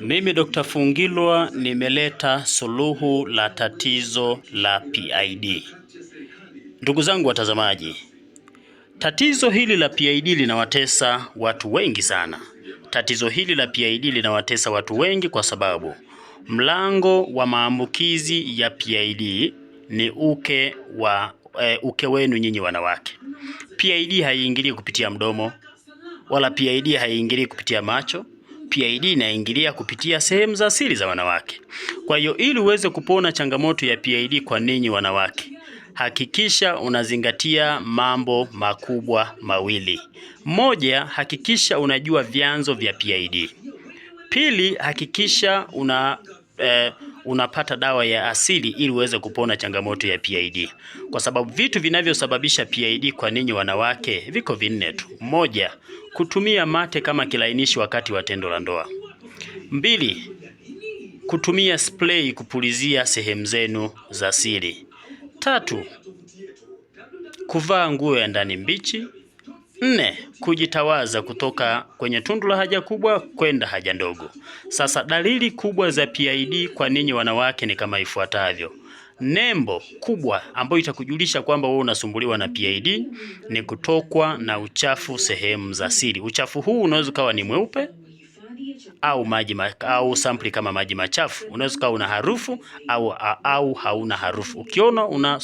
Mimi Dr. Fungilwa nimeleta suluhu la tatizo la PID. Ndugu zangu watazamaji, tatizo hili la PID linawatesa watu wengi sana. Tatizo hili la PID linawatesa watu wengi kwa sababu mlango wa maambukizi ya PID ni uke wa e, uke wenu nyinyi wanawake. PID haiingilii kupitia mdomo wala PID haiingilii kupitia macho PID inaingilia kupitia sehemu za siri za wanawake. Kwa hiyo ili uweze kupona changamoto ya PID kwa ninyi wanawake, hakikisha unazingatia mambo makubwa mawili. Moja, hakikisha unajua vyanzo vya PID. Pili, hakikisha una eh, unapata dawa ya asili ili uweze kupona changamoto ya PID, kwa sababu vitu vinavyosababisha PID kwa ninyi wanawake viko vinne tu. Moja, kutumia mate kama kilainishi wakati wa tendo la ndoa. Mbili, kutumia spray kupulizia sehemu zenu za siri. Tatu, kuvaa nguo ya ndani mbichi. Nne, kujitawaza kutoka kwenye tundu la haja kubwa kwenda haja ndogo. Sasa dalili kubwa za PID kwa ninyi wanawake ni kama ifuatavyo. Nembo kubwa ambayo itakujulisha kwamba wewe unasumbuliwa na PID ni kutokwa na uchafu sehemu za siri. Uchafu huu unaweza ukawa ni mweupe au maji au sampli kama maji machafu. Unaweza ukawa una harufu au, au hauna harufu. Ukiona una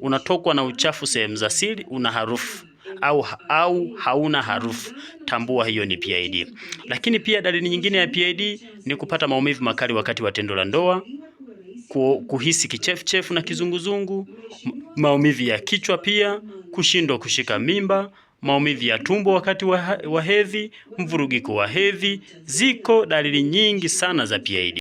unatokwa na uchafu sehemu za siri, una harufu au, au hauna harufu, tambua hiyo ni PID. Lakini pia dalili nyingine ya PID ni kupata maumivu makali wakati wa tendo la ndoa, kuhisi kichefuchefu na kizunguzungu, maumivu ya kichwa, pia kushindwa kushika mimba maumivu ya tumbo wakati wa hedhi, mvurugiko wa hedhi. Ziko dalili nyingi sana za PID.